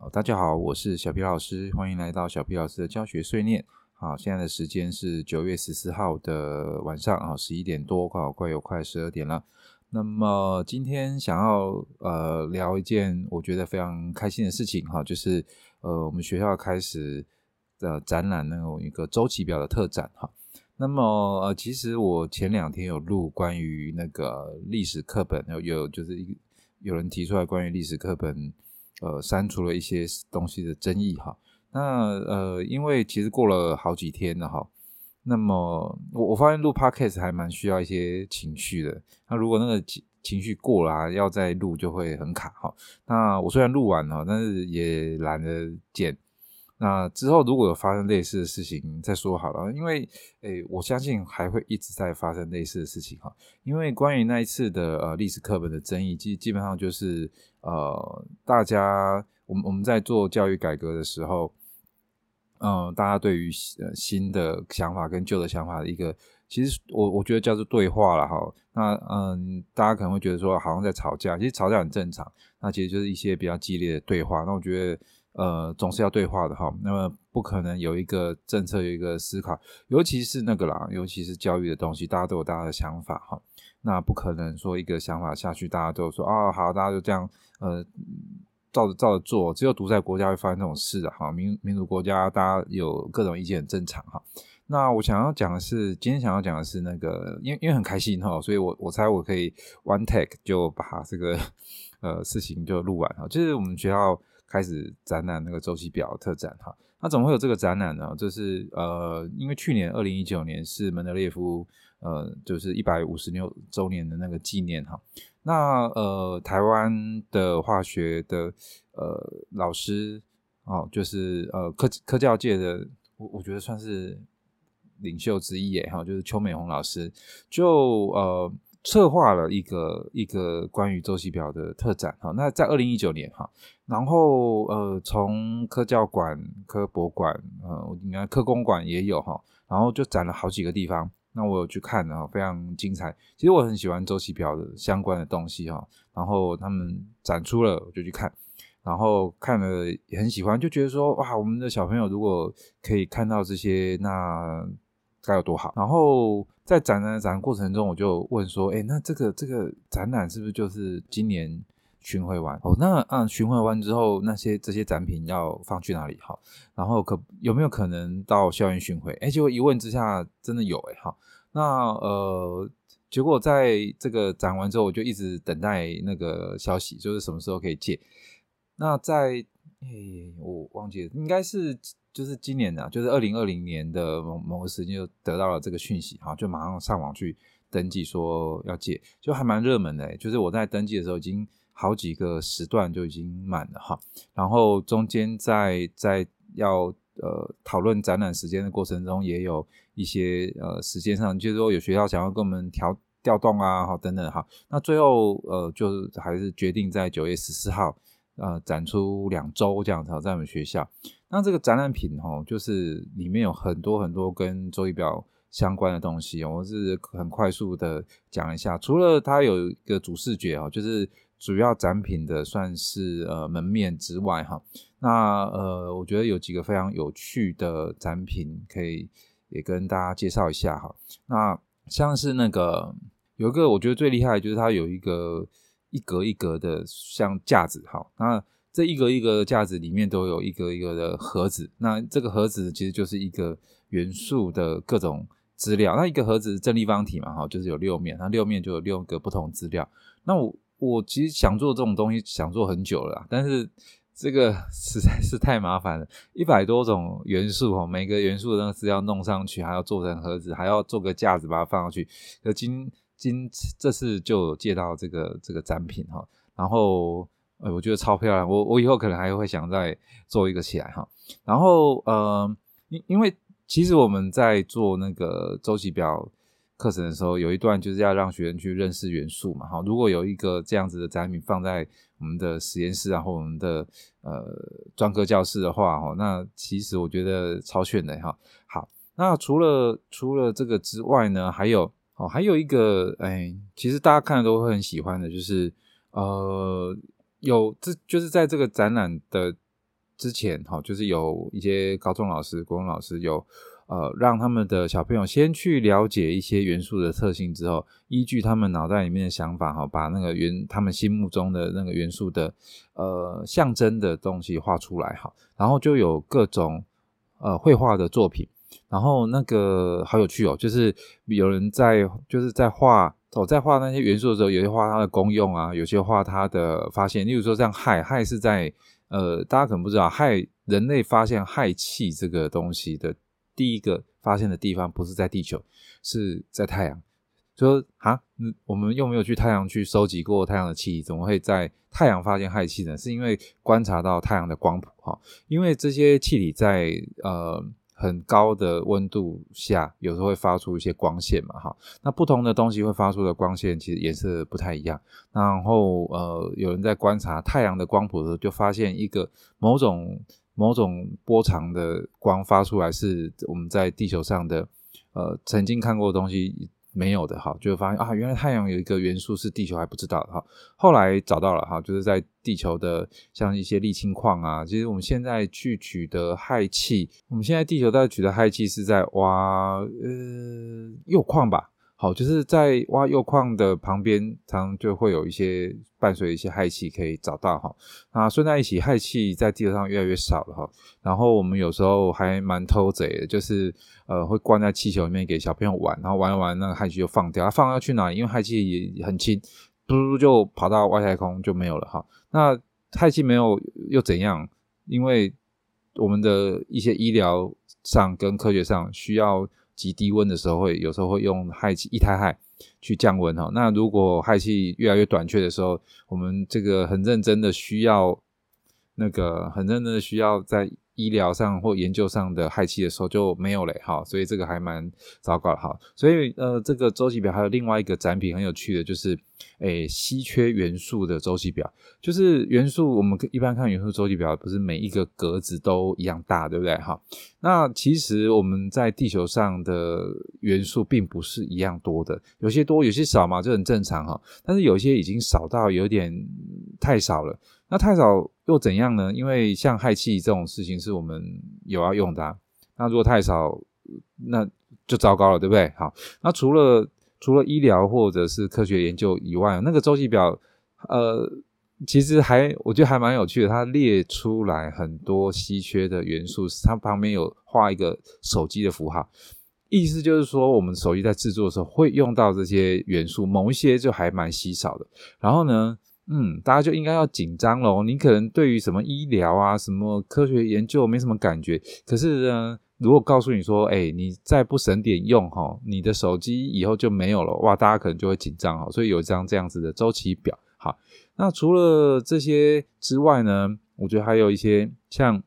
哦、大家好，我是小皮老師，歡迎來到小皮老師的教學碎念。好、哦，現在的時間是九月十四號的晚上啊，十、哦、一點多，快、哦，快有快十二點了。那麼今天想要呃聊一件我覺得非常開心的事情哈、哦，就是呃我們學校開始的展覽那種一個週期表的特展哈、哦。那麼呃其實我前兩天有錄關於那個歷史課本，有有就是一有人提出來關於歷史課本。呃，刪除了一些東西的爭議哈。那呃，因為其實過了好幾天了哈。那麼我我發現錄 podcast 還蠻需要一些情緒的。那如果那個情情緒過了啊，要再錄就會很卡哈。那我雖然錄完了，但是也懶得剪。那之後如果有發生類似的事情再說好了，因為誒、欸，我相信還會一直在發生類似的事情哈。因為關於那一次的呃歷史課本的爭議，基基本上就是呃大家，我們我們在做教育改革的時候，嗯、呃，大家對於、呃、新的想法跟舊的想法的一個，其實我我覺得叫做對話了哈。那嗯、呃，大家可能會覺得說好像在吵架，其實吵架很正常。那其實就是一些比較激烈的對話。那我覺得。呃，總是要對話的哈，那麼不可能有一個政策，有一個思考，尤其是那個啦，尤其是教育的東西，大家都有大家的想法哈。那不可能說一個想法下去，大家都說啊、哦、好，大家就這樣呃照着照着做，只有獨裁國家會發生這種事的哈。民民主國家，大家有各種意見很正常哈。那我想要講的是，今天想要講的是那個，因為因為很開心哈，所以我我猜我可以 one take 就把這個呃事情就錄完哈，就是我們學校。開始展覽那個周期表特展哈，那怎麼會有這個展覽呢？就是呃，因為去年二零一九年是門得列夫呃，就是一百五十六周年的那個紀念哈，那呃，台灣的化學的呃老師哦，就是呃科科教界的我我覺得算是領袖之一也哈，就是邱美虹老師就呃。策劃了一個一個關於週期表的特展，哈，那在二零一九年，哈，然後呃，從科教館、科博館，呃，你看科工館也有哈，然後就展了好幾個地方，那我有去看的，非常精彩。其實我很喜歡週期表的相關的東西，哈，然後他們展出了，我就去看，然後看了也很喜歡，就覺得說哇，我們的小朋友如果可以看到這些，那。該有多好！然後在展覽展過程中，我就問說：“誒，那這個這個展覽是不是就是今年巡回完？哦，那嗯，巡回完之後，那些這些展品要放去哪裡？哈，然後可有沒有可能到校園巡回？誒，結果一問之下，真的有誒，哈。那呃，結果在這個展完之後，我就一直等待那個消息，就是什麼時候可以借。那在誒，我忘記了，應該是。就是今年的，啊，就是二零二零年的某某個時間就得到了這個訊息，哈，就馬上上網去登記說要借，就還蠻熱門的，欸。就是我在登記的時候，已經好幾個時段就已經滿了，哈。然後中間在在要呃討論展覽時間的過程中，也有一些呃時間上，就是說有學校想要跟我們調調動啊，好，等等，哈。那最後呃，就還是決定在九月十四號，呃，展出兩週這樣子，哈，在我們學校。那這個展覽品哈，就是裡面有很多很多跟週期表相關的東西，我是很快速的講一下。除了它有一個主視覺哦，就是主要展品的算是呃門面之外哈，那呃，我覺得有幾個非常有趣的展品，可以也跟大家介紹一下哈。那像是那個有一個我覺得最厲害的，就是它有一個一格一格的像架子哈，那。這一個一個架子裡面都有一個一個的盒子，那這個盒子其實就是一個元素的各種資料。那一個盒子正立方體嘛，哈，就是有六面，那六面就有六個不同資料。那我我其實想做這種東西，想做很久了，但是這個實在是太麻煩了。一百多種元素哈，每個元素都是要弄上去，還要做成盒子，還要做個架子把它放上去。那今今這次就有借到這個這個展品哈，然後。哎，我覺得超漂亮，我我以後可能還會想再做一個起來哈。然後呃，因因為其實我們在做那個周期表課程的時候，有一段就是要讓學生去認識元素嘛。哈，如果有一個這樣子的展品放在我們的實驗室，然後我們的呃專科教室的話，哦，那其實我覺得超炫的哈。好，那除了除了這個之外呢，還有哦，還有一個哎，其實大家看了都會很喜歡的，就是呃。有，這就是在這個展覽的之前，哈，就是有一些高中老師、國中老師有，呃，讓他們的小朋友先去了解一些元素的特性之後，依據他們腦袋裡面的想法，哈，把那個元他們心目中的那個元素的，呃，象徵的東西畫出來，哈，然後就有各種呃繪畫的作品，然後那個好有趣哦，就是有人在，就是在畫。我在畫那些元素的時候，有些畫它的功用啊，有些畫它的發現。例如說像氦，氦是在呃，大家可能不知道，氦人類發現氦氣這個東西的第一個發現的地方不是在地球，是在太陽。說啊，我們又沒有去太陽去收集過太陽的氣體，怎麼會在太陽發現氦氣呢？是因為觀察到太陽的光譜哈，因為這些氣體在呃。很高的溫度下，有時候會發出一些光線嘛，哈。那不同的東西會發出的光線，其實顏色不太一樣。然後，呃，有人在觀察太陽的光譜的時候，就發現一個某種某種波長的光發出來，是我們在地球上的，呃，曾經看過的東西。沒有的哈，就發現啊，原來太陽有一個元素是地球還不知道的哈，後來找到了哈，就是在地球的像一些瀝青礦啊，其實我們現在去取得氦氣，我們現在地球在取得氦氣是在挖呃鈾礦吧。好，就是在挖鈾礦的旁邊，常常就會有一些伴隨一些氦氣可以找到哈。那順帶一起氦氣在地球上越來越少了哈。然後我們有時候還蠻偷賊的，就是呃會灌在氣球裡面給小朋友玩，然後玩一玩那個氦氣就放掉。它放掉去哪裡？因為氦氣也很輕，噗就跑到外太空就沒有了哈。那氦氣沒有又怎樣？因為我們的一些醫療上跟科學上需要。極低溫的時候，會有時候會用氦氣、液態氦，去降溫哦。那如果氦氣越來越短缺的時候，我們這個很認真的需要，那個很認真的需要在。醫療上或研究上的氦氣的時候就沒有嘞，哈，所以這個還蠻糟糕的，哈。所以呃，這個週期表還有另外一個展品很有趣的，就是誒、欸，稀缺元素的週期表。就是元素，我們一般看元素週期表，不是每一個格子都一樣大，對不對，哈？那其實我們在地球上的元素並不是一樣多的，有些多，有些少嘛，就很正常，哈。但是有些已經少到有點太少了。那太少又怎樣呢？因為像氦氣這種事情是我們有要用的啊。那如果太少，那就糟糕了，對不對？好，那除了除了醫療或者是科學研究以外，那個周期表，呃，其實還我覺得還蠻有趣的。它列出來很多稀缺的元素，它旁邊有畫一個手機的符號，意思就是說，我們手機在制作的時候會用到這些元素，某一些就還蠻稀少的。然後呢？嗯，大家就應該要緊張咯。你可能對於什麼醫療啊、什麼科學研究沒什麼感覺，可是呢，如果告訴你說，哎，你再不省點用哈，你的手機以後就沒有了，哇，大家可能就會緊張哈。所以有一張這樣子的周期表，好，那除了這些之外呢，我覺得還有一些像。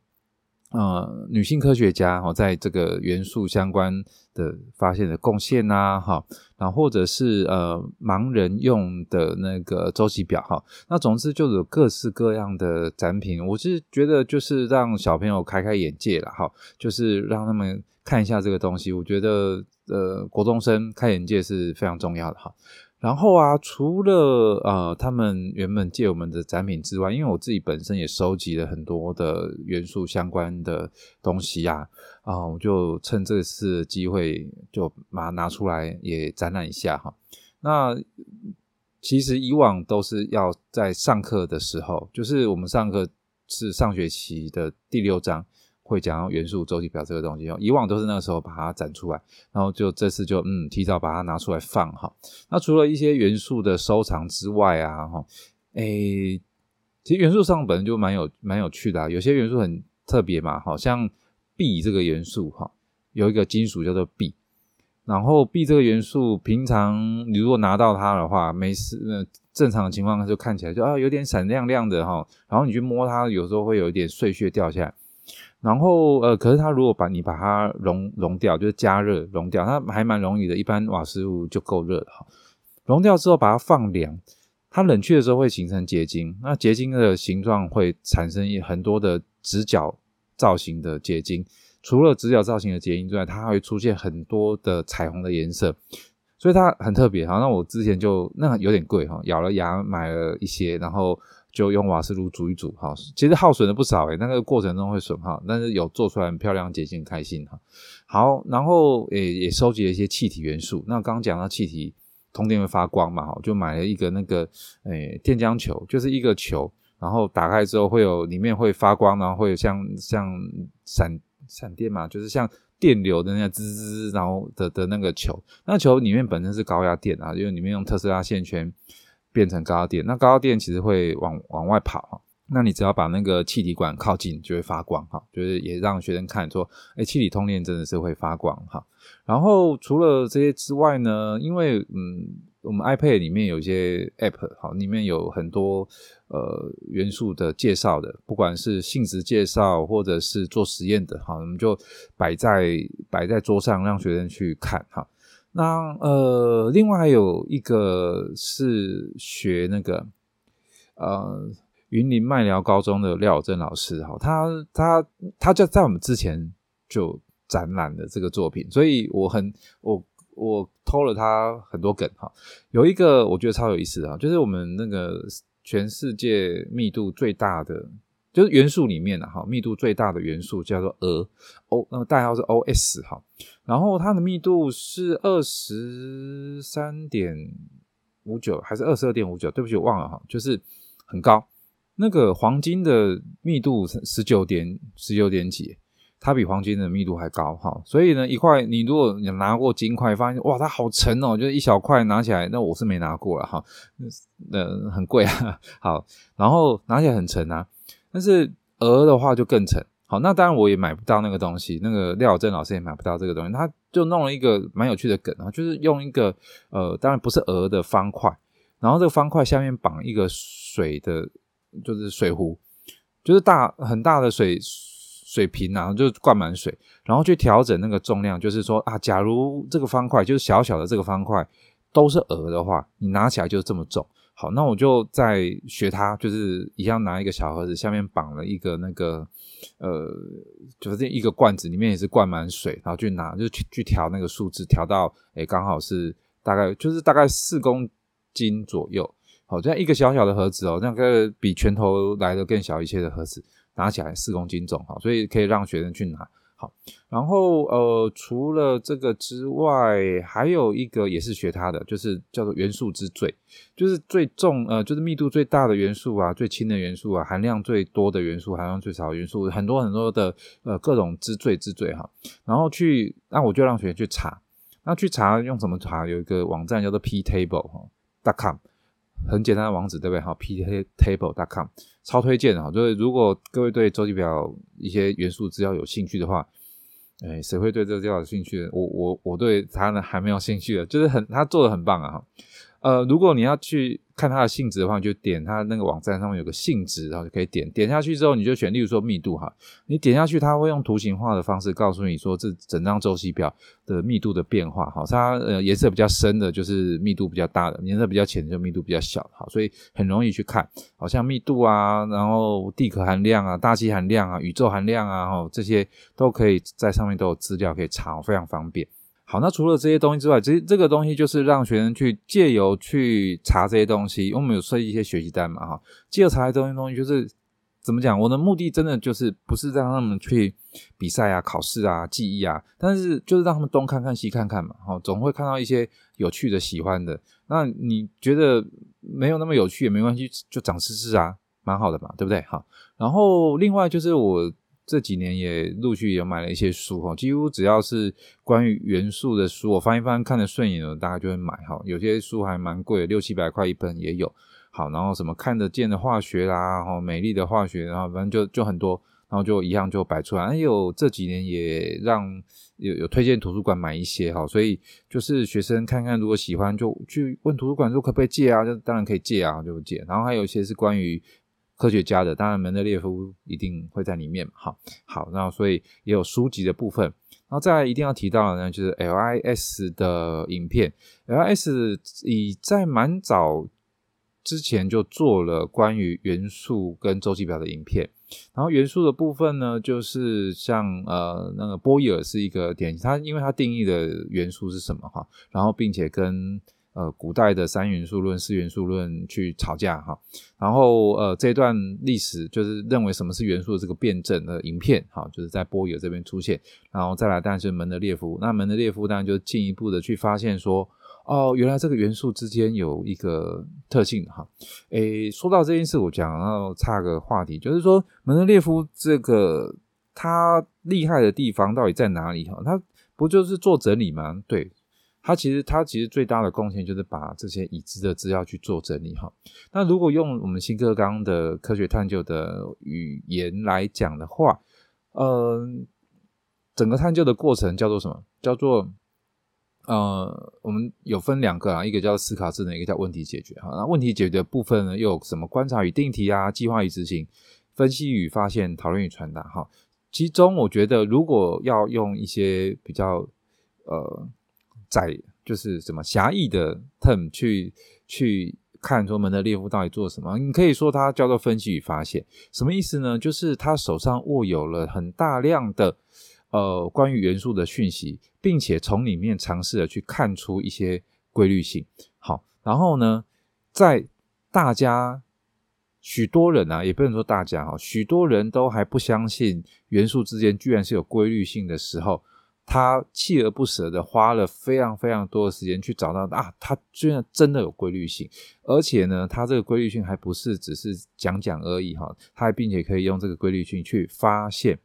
呃，女性科學家哈、哦，在這個元素相關的發現的貢獻吶哈，然後、哦或者是呃盲人用的那個週期表哈、哦，那總之就有各式各樣的展品，我是覺得就是讓小朋友開開眼界了哈、哦，就是讓他們看一下這個東西，我覺得呃國中生開眼界是非常重要的哈。哦然後啊，除了呃，他們原本借我們的展品之外，因為我自己本身也收集了很多的元素相關的東西啊。啊、呃，我就趁這次的機會就把它拿出來也展覽一下哈。那其實以往都是要在上課的時候，就是我們上課是上學期的第六章。會講到元素週期表這個東西，以往都是那個時候把它展出來，然後就這次就嗯提早把它拿出來放好，那除了一些元素的收藏之外啊哈，哎、欸，其實元素上本來就蠻有蠻有趣的、啊，有些元素很特別嘛，好像 B 這個元素哈，有一個金屬叫做 B，然後 B 這個元素平常你如果拿到它的話，沒事，正常的情況就看起來就啊有點閃亮亮的哈，然後你去摸它，有時候會有一點碎屑掉下來。然後，呃，可是，它如果把你把它熔熔掉，就是加熱熔掉，它還蠻容易的，一般瓦斯爐就夠熱了哈。熔掉之後，把它放涼，它冷卻的時候會形成結晶，那結晶的形狀會產生一很多的直角造型的結晶。除了直角造型的結晶之外，它還會出現很多的彩虹的顏色。所以它很特別，好，那我之前就那有點貴哈，咬了牙買了一些，然後就用瓦斯爐煮一煮，好，其實耗損了不少誒，那個過程中會損耗，但是有做出來很漂亮，姐很開心哈。好，然後誒也收集了一些氣體元素，那剛剛講到氣體通電會發光嘛，哈，就買了一個那個誒電漿球，就是一個球，然後打開之後會有裡面會發光，然後會有像像閃閃電嘛，就是像。電流的那滋滋滋，然後的的那個球，那球裡面本身是高壓電啊，因為裡面用特斯拉線圈變成高壓電，那高壓電其實會往往外跑，啊，那你只要把那個氣體管靠近，就會發光哈，啊，就是也讓學生看說，哎，欸，氣體通電真的是會發光哈，啊。然後除了這些之外呢，因為嗯。我們 iPad 裡面有一些 App，好，裡面有很多呃元素的介紹的，不管是性質介紹或者是做實驗的，好，我們就擺在擺在桌上讓學生去看哈。那呃，另外還有一個是學那個呃雲林麥寮高中的廖友珍老師，哈，他他他就在我們之前就展覽了這個作品，所以我很我。我偷了他很多梗哈，有一個我覺得超有意思的哈，就是我們那個全世界密度最大的就是元素裡面的哈，密度最大的元素叫做鋨。哦，那麼代號是 OS 哈，然後它的密度是二十三點五九還是二十二點五九？對不起，我忘了哈，就是很高，那個黃金的密度是十九點十九點幾。它比黃金的密度還高，哈，所以呢，一塊你如果你拿過金塊，發現哇，它好沉哦，就是一小塊拿起來，那我是沒拿過了，哈，呃、嗯，很貴哈、啊，好，然後拿起來很沉啊，但是鋨的話就更沉，好，那當然我也買不到那個東西，那個廖振老師也買不到這個東西，他就弄了一個蠻有趣的梗啊，就是用一個呃，當然不是鋨的方塊，然後這個方塊下面綁一個水的，就是水壺，就是大很大的水，水瓶、啊，然後就灌滿水，然後去調整那個重量，就是說啊，假如這個方塊就是小小的這個方塊都是鋨的話，你拿起來就這麼重。好，那我就再學他，就是一樣拿一個小盒子，下面綁了一個那個呃，就是一個罐子，裡面也是灌滿水，然後去拿，就去去調那個數字，調到哎，剛好是大概就是大概四公斤左右。好，這樣一個小小的盒子哦，那個比拳頭來的更小一些的盒子，拿起來四公斤重哈，所以可以讓學生去拿。好，然後呃，除了這個之外，還有一個也是學它的，就是叫做元素之最，就是最重呃，就是密度最大的元素啊，最輕的元素啊，含量最多的元素，含量最少的元素，很多很多的呃各種之最之最哈。然後去，那我就讓學生去查，那去查用什麼查？有一個網站叫做 Ptable.com。很簡單的網址對不對？好 ptable.com 超推薦哈。就是如果各位對週期表一些元素資料有興趣的話，哎，誰會對這個資料有興趣的？我我我對它呢還沒有興趣的，就是很它做的很棒啊呃，如果你要去看它的性質的話，你就點它那個網站上面有個性質，然後就可以點點下去之後，你就選，例如說密度哈，你點下去，它會用圖形化的方式告訴你說這整張周期表的密度的變化哈，它呃顏色比較深的就是密度比較大的，顏色比較淺就密度比較小的，好，所以很容易去看，好像密度啊，然後地殼含量啊，大氣含量啊，宇宙含量啊，哈，這些都可以在上面都有資料可以查，非常方便。好，那除了這些東西之外，其實這個東西就是讓學生去借由去查這些東西，因為我們有設計一些學習單嘛，哈，借由查這些東西東西，就是怎麼講，我的目的真的就是不是讓他們去比賽啊、考試啊、記憶啊，但是就是讓他們東看看西看看嘛，哈，總會看到一些有趣的、喜歡的。那你覺得沒有那麼有趣也沒關係，就長知識啊，蠻好的嘛，對不對？哈，然後另外就是我。這幾年也陸續也買了一些書哈，幾乎只要是關於元素的書，我翻一翻看得順眼的，大家就會買哈。有些書還蠻貴，六七百塊一本也有。好，然後什麼看得見的化學啦，哈，美麗的化學，然後反正就就很多，然後就一樣就擺出來。還有，哎喲，這幾年也讓有有推薦圖書館買一些哈，所以就是學生看看如果喜歡就去問圖書館說可不可以借啊，就當然可以借啊就不借。然後還有一些是關於。科學家的，當然門德列夫一定會在裡面。好好，那所以也有書籍的部分，然後再來一定要提到的呢，就是 LIS 的影片。LIS 已在蠻早之前就做了關於元素跟周期表的影片。然後元素的部分呢，就是像呃那個波義耳是一個典型，它因為它定義的元素是什麼哈，然後並且跟。呃，古代的三元素論、四元素論去吵架哈，然後呃，這段歷史就是認為什麼是元素的這個辯證的影片哈，就是在波野這邊出現，然後再來，但是門得列夫，那門得列夫當然就進一步的去發現說，哦，原來這個元素之間有一個特性哈。誒，說到這件事，我講，然後插個話題，就是說門得列夫這個他厲害的地方到底在哪裡哈？他不就是做整理嗎？對。它其實，它其實最大的貢獻就是把這些已知的資料去做整理哈。那如果用我們新課綱的科學探究的語言來講的話，呃，整個探究的過程叫做什麼？叫做呃，我們有分兩個啊，一個叫思考智能，一個叫問題解決哈。那問題解決的部分呢，又有什麼觀察與定題啊、計劃與執行、分析與發現、討論與傳達哈。其中，我覺得如果要用一些比較呃。在就是什麼狹義的 term 去去看說門得列夫到底做什麼？你可以說他叫做分析與發現，什麼意思呢？就是他手上握有了很大量的呃關於元素的訊息，並且從裡面嘗試的去看出一些規律性。好，然後呢，在大家許多人啊，也不能說大家哈、哦，許多人都還不相信元素之間居然是有規律性的時候。他鍥而不捨的花了非常非常多的時間去找到啊，它居然真的有規律性，而且呢，它這個規律性還不是只是講講而已哈，它還並且可以用這個規律性去發現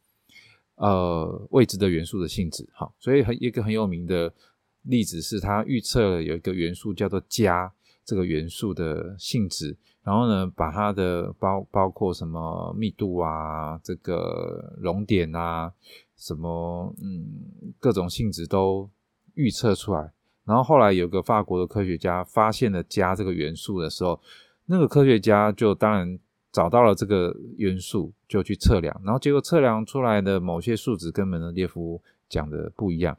呃未知的元素的性質哈，所以很一個很有名的例子是，他預測了有一個元素叫做鎵，這個元素的性質。然後呢，把它的包包括什麼密度啊，這個熔點啊，什麼嗯各種性質都預測出來。然後後來有個法國的科學家發現了鎵這個元素的時候，那個科學家就當然找到了這個元素就去測量，然後結果測量出來的某些數值跟門得列夫講的不一樣。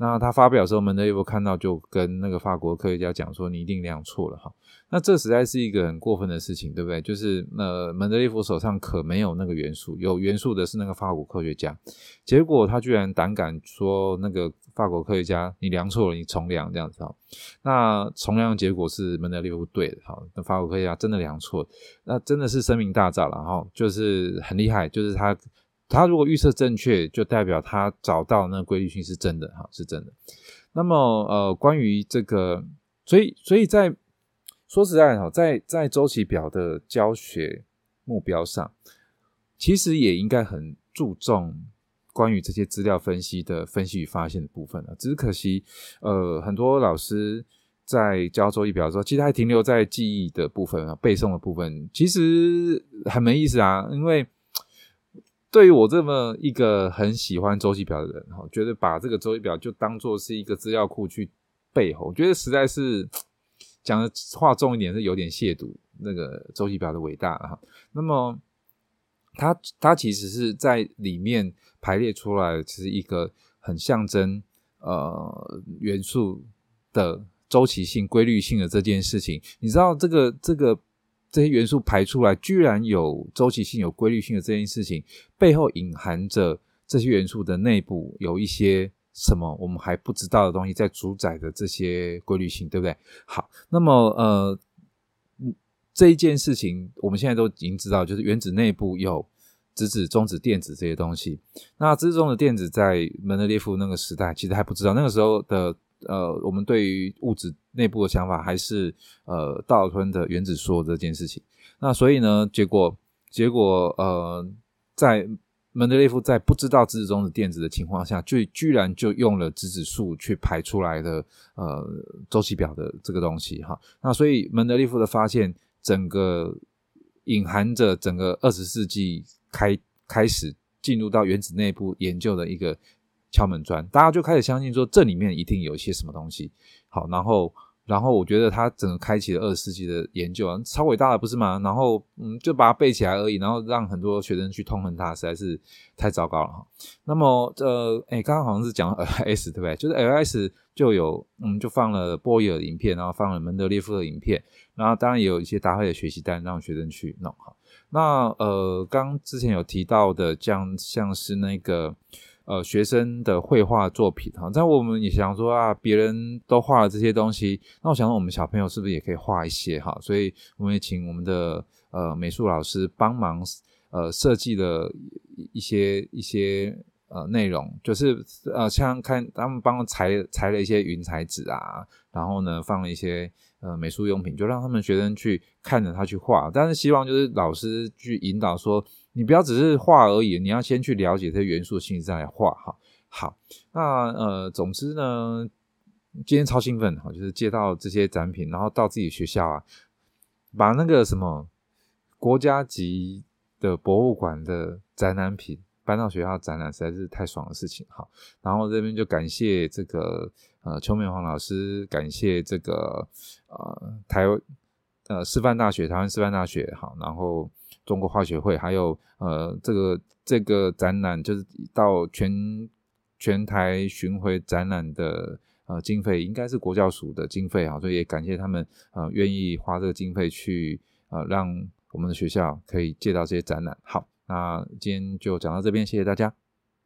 那他發表的時候，門得列夫看到就跟那個法國科學家講說：“你一定量錯了哈。”那這實在是一個很過分的事情，對不對？就是呃，門得列夫手上可沒有那個元素，有元素的是那個法國科學家。結果他居然膽敢說那個法國科學家，你量錯了，你重量這樣子哈。那重量的結果是門得列夫對的，哈，那法國科學家真的量錯了，那真的是聲名大噪了哈，就是很厲害，就是他。他如果預測正確，就代表他找到那個規律性是真的哈，是真的。那麼呃，關於這個，所以所以在，在說實在的，在在週期表的教學目標上，其實也應該很注重關於這些資料分析的分析與發現的部分了。只是可惜，呃，很多老師在教週期表的時候，其實還停留在記憶的部分啊、背誦的部分，其實很沒意思啊，因為。對於我這麼一個很喜歡周期表的人哈，覺得把這個周期表就當做是一個資料庫去背吼，我覺得實在是講的話重一點是有點褻瀆那個周期表的偉大哈。那麼它它其實是在裡面排列出來的，其實一個很象徵呃元素的周期性規律性的這件事情，你知道這個這個。這些元素排出來，居然有周期性，有規律性的這件事情，背後隱含着這些元素的內部有一些什麼我們還不知道的東西在主宰着這些規律性，對不對？好，那麼呃，這一件事情，我們現在都已經知道，就是原子內部有質子、中子、電子這些東西。那質中的電子在門德列夫那個時代其實還不知道，那個時候的。呃，我們對於物質內部的想法還是呃道爾頓的原子說這件事情。那所以呢，結果結果呃，在門得列夫在不知道質子、中子、電子的情況下，就居然就用了質子數去排出來的呃週期表的這個東西哈。那所以門得列夫的發現，整個隱含着整個二十世紀開開始進入到原子內部研究的一個。敲門磚，大家就開始相信說這裡面一定有一些什麼東西。好，然後，然後我覺得他整個開啟了二十世紀的研究啊，超偉大的不是嗎？然後，嗯，就把它背起來而已，然後讓很多學生去痛恨他，實在是太糟糕了哈。那麼，呃，誒，剛剛好像是講 L S 對不對？就是 L S 就有，嗯，就放了波爾的影片，然後放了門德列夫的影片，然後當然也有一些搭配的學習單讓學生去弄哈。那，呃，剛之前有提到的，像，像是那個。呃，學生的繪畫作品哈，但我們也想說啊，別人都畫了這些東西，那我想說，我們小朋友是不是也可以畫一些哈？所以我們也請我們的呃美術老師幫忙呃設計了一些一些呃內容，就是呃像看他們幫裁裁了一些雲彩紙啊，然後呢放了一些呃美術用品，就讓他們學生去看着他去畫，但是希望就是老師去引導說。你不要只是畫而已，你要先去了解這些元素的信息，再來畫哈。好，那呃，總之呢，今天超興奮哈，就是借到這些展品，然後到自己學校啊，把那個什麼國家級的博物館的展覽品搬到學校展覽，實在是太爽的事情哈。然後這邊就感謝這個呃邱美黃老師，感謝這個呃台灣呃師範大學台灣師範大學哈，然後。中國化學會還有呃，這個這個展覽就是到全全台巡迴展覽的呃經費，應該是國教署的經費啊，所以也感謝他們呃願意花這個經費去呃讓我們的學校可以借到這些展覽。好，那今天就講到這邊，謝謝大家。